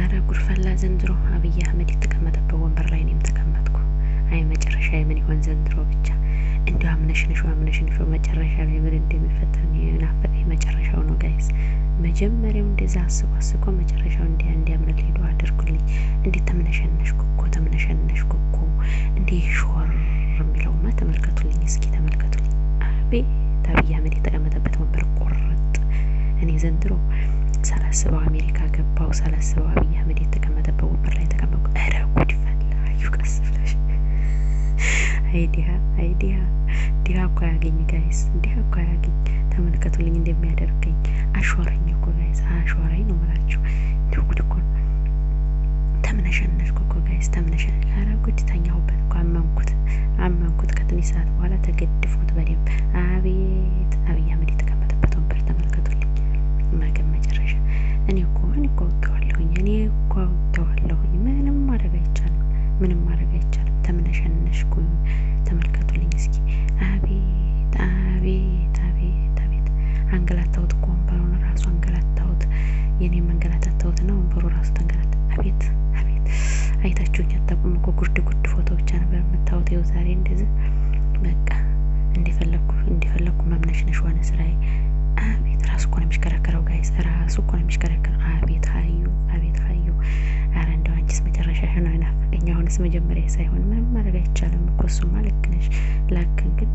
እረ ጉርፈላ ዘንድሮ አብይ አህመድ የተቀመጠበት ወንበር ላይ እኔም ተቀመጥኩ። አይ መጨረሻ የምን ይሆን ዘንድሮ ብቻ እንዲ አምነሽንሾ አምነሽንሾ መጨረሻ ላይ ምን እንደሚፈጠር ናፈቀ። መጨረሻው ነው ጋይስ። መጀመሪያው እንደዛ አስቦ አስቆ መጨረሻው እንዲያ እንዲያምነት ሄዶ አድርጉልኝ። እንዴት ተምነሸነሽ እኮ ተምነሸነሽ እኮ እንዴ ሾር ማ ተመልከቱልኝ፣ እስኪ ተመልከቱልኝ። አቤት አብይ አህመድ የተቀመጠበት ወንበር ቆረጥ እኔ ዘንድሮ ሳላስበው አሜሪካ ገባው ሳላስበው አብይ አህመድ የተቀመጠበት ወንበር ላይ ተቀመጥኩ። እረ ጉድ ፈላ አዩ ቀስ ብለሽ አይዲያ ዲሃ አይ እኮ ያገኝ ጋይስ ዲሃ እኮ ያገኝ ተመልከቱልኝ እንደሚያደርገኝ አሸረኝ እኮ ጋይስ አሸረኝ ነው ምላችሁ ጉድ እኮ ተምነሸነሽኩ እኮ ጋይስ ተምነሸነሽ። አረ ጉድ ተኛሁበት እኮ አመንኩት አመንኩት ከትንሽ ሰዓት በኋላ ተገድፉት በደንብ አቤት አብይ አህመድ የተቀመጠበት ወንበር ተመልከቱልኝ አንገላታሁት እኮ ወንበሩን ራሱ አንገላታሁት። የኔ መንገላታታሁት ና ወንበሩ ራሱ ተንገላት። አቤት አቤት አይታችሁኝ አታውቁም እኮ ጉርድ ጉርድ ፎቶ ብቻ ነበር የምታወት። ይኸው ዛሬ እንደዚህ በቃ እንደፈለግኩ እንደፈለግኩ መምነሽነሽ ሆነ ስራዬ። አቤት ራሱ እኮ ነው የሚሽከረከረው ጋይስ፣ ራሱ እኮ ነው የሚሽከረከረው። አቤት ሀዩ አቤት ሀዩ አረ እንደው አንቺስ መጨረሻሽ ነው ናፈቀኝ። አሁንስ መጀመሪያ ሳይሆን ምንም ማድረግ አይቻልም እኮ እሱማ ልክ ነሽ። ላክን ግን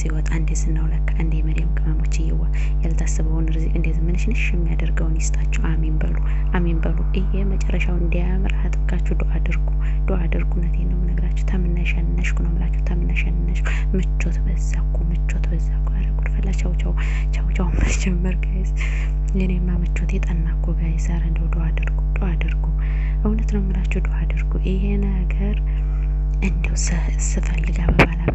ሲወጣ እንዴት ስናውለካ እንዴ መሪያም ቅመሞች እየዋ ያልታሰበውን ርዝቅ እንዴት ምንሽንሽ የሚያደርገውን ይስጣችሁ። አሚን በሉ አሚን በሉ። ይሄ መጨረሻው እንዲያምር አጥብቃችሁ ዱዓ አድርጉ ዱዓ አድርጉ። እውነቴን ነው የምነግራችሁ። ተምናሽ ያንነሽኩ ነው የምላችሁ። ተምናሽ ያንነሽኩ። ምቾት በዛኩ ምቾት በዛኩ። ኧረ ጉድ ፈላ። ቻው ቻው ቻው ቻው መጀመር ጋይስ። የኔማ ምቾት የጠናኩ ጋይስ። ኧረ እንደው ዱዓ አድርጉ ዱዓ አድርጉ። እውነት ነው የምላችሁ ዱዓ አድርጉ። ይሄ ነገር እንደው ስፈልግ አበባላ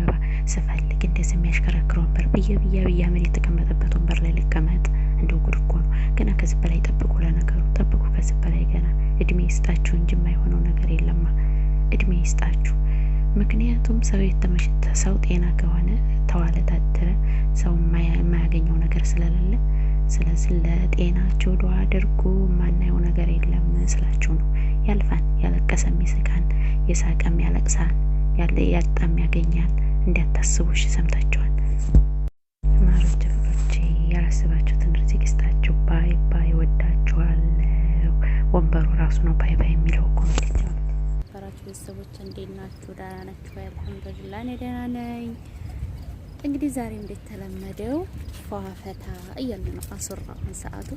ስፈልግ እንደዚህ የሚያሽከረክር ወንበር ብዬ ብያ ብያ መሬት የተቀመጠበት ወንበር ላይ ልቀመጥ። እንደው ጉድ እኮ ነው። ገና ከዚህ በላይ ጠብቁ፣ ለነገሩ ጠብቁ ከዚህ በላይ ገና እድሜ ይስጣችሁ እንጂ የማይሆነው ነገር የለማ። እድሜ ይስጣችሁ። ምክንያቱም ሰው የተመሸተ ሰው ጤና ከሆነ ታደረ ሰው የማያገኘው ነገር ስለሌለ ስለዚህ ለጤናቸው ዱዓ አድርጉ። ማናየው ነገር የለም ስላችሁ ነው። ያልፋን፣ ያለቀሰም ይስቃን፣ የሳቀም ያለቅሳን፣ ያጣም ያገኛል። እንዲያታስቡ እሺ፣ ሰምታችኋል ማሮች ፍቅሮቼ። ያላስባችሁ ትምህርት ይስጣችሁ። ባይ ባይ። ወዳችኋለሁ። ወንበሩ ራሱ ነው ባይ ባይ የሚለው እኮ ማለት ሰራችሁ ቤተሰቦች፣ እንዴት ናችሁ? ደህና ናችሁ? አልሐምዱሊላ እኔ ደህና ነኝ። እንግዲህ ዛሬ እንደተለመደው ፏፈታ እያሉ ነው። አስራ አሁን ሰዓቱ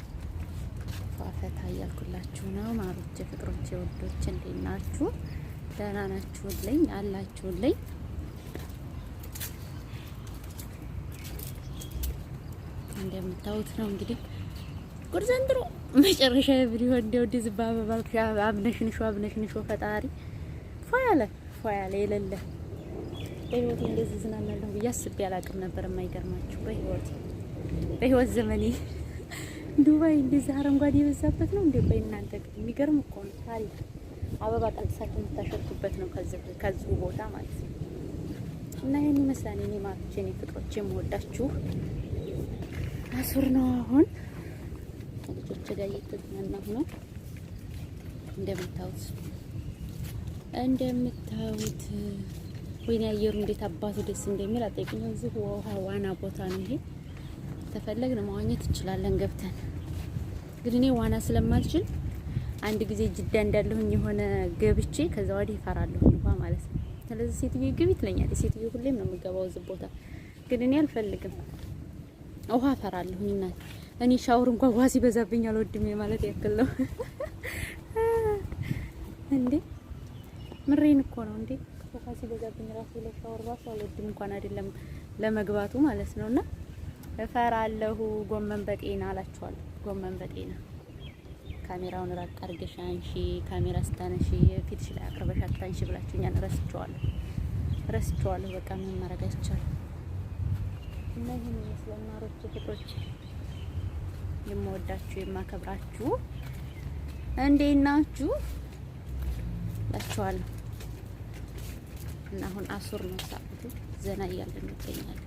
ፏፈታ እያልኩላችሁ ነው። ማሮች ፍቅሮቼ፣ ወዶች እንዴት ናችሁ? ደህና ናችሁልኝ? አላችሁልኝ? እንደምታዩት ነው እንግዲህ ጉድ ዘንድሮ መጨረሻ ቪዲዮ እንደው ዲዝባ አበባል አብነሽን ሾ አብነሽን ሾ ፈጣሪ ፏ ያለ ፏ ያለ የሌለ በህይወቴ እንደዚህ ዝናናለሁ ብዬ አስቤ አላቅም ነበር። የማይገርማችሁ በህይወት በህይወት ዘመኔ ዱባይ እንደዚህ አረንጓዴ የበዛበት ነው። እንደ ቆይ እናንተ ግን የሚገርም እኮ ነው ታሪክ። አበባ ቀንጥሳችሁ የምታሸርኩበት ነው ከዚሁ ቦታ ማለት ነው። እና ይህን ይመስላል እኔ ማቶቼ፣ እኔ ፍቅሮቼ የምወዳችሁ አሱር ነው። አሁን ልጆች ጋር እየተዝናናሁ ነው። እንደምታዩት እንደምታዩት ወይኔ አየሩ እንዴት አባቱ ደስ እንደሚል አጠቂኝ። እዚህ ውሃ ዋና ቦታ ነው ይሄ። ተፈለግን መዋኘት እንችላለን ገብተን። ግን እኔ ዋና ስለማልችል አንድ ጊዜ ጅዳ እንዳለሁኝ የሆነ ገብቼ ከዛ ወዲህ እፈራለሁ ውሃ ማለት ነው። ስለዚህ ሴትዮ ግቢ ትለኛለች። ሴትዮ ሁሌም ነው የምገባው እዚህ ቦታ፣ ግን እኔ አልፈልግም። ውሃ ፈራለሁ። እኔ እኔ ሻወር እንኳን ውሃ ሲበዛብኝ አልወድም ማለት ያክል ነው። እንዴ ምሬን እኮ ነው። እንዴ ውሃ ሲበዛብኝ ራሱ ለሻወር ራሱ አልወድም እንኳን አይደለም ለመግባቱ ማለት ነውና እፈራለሁ። ጎመን በጤና አላችኋል። ጎመን በጤና ካሜራውን ራቅ አድርገሽ አንሺ፣ ካሜራ ስታነሺ ፊትሽ ላይ አቅርበሽ አታንሺ ብላችሁኛል። ረስቼዋለሁ፣ ረስቼዋለሁ። በቃ ምን ማድረግ አይቻልም። እና ይህን ይመስላል ማሮች ፍጦች፣ የምወዳችሁ የማከብራችሁ፣ እንዴት ናችሁ ላችኋለሁ። እና አሁን አሱር ነው ሳቁት ዘና እያልን እንገኛለን።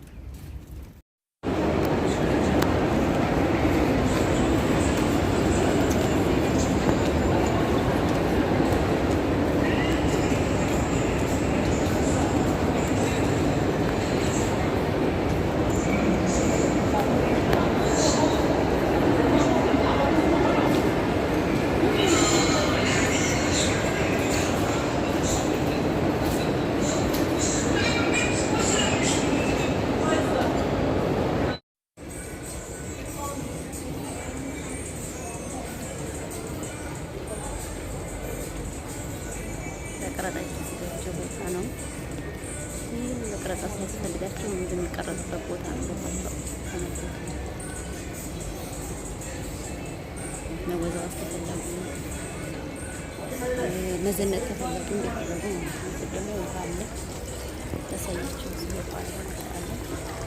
ነው። ይህ መቅረጻ ሲያስፈልጋቸው እንደሚቀረጽበት ቦታ ቦታቸው መወዛወዝ ተፈላጊ መዘነጥ ተፈላጊ እንደፈለጉ ማለት ነው። ደግሞ ውሃ አለ ተሰያቸው አለ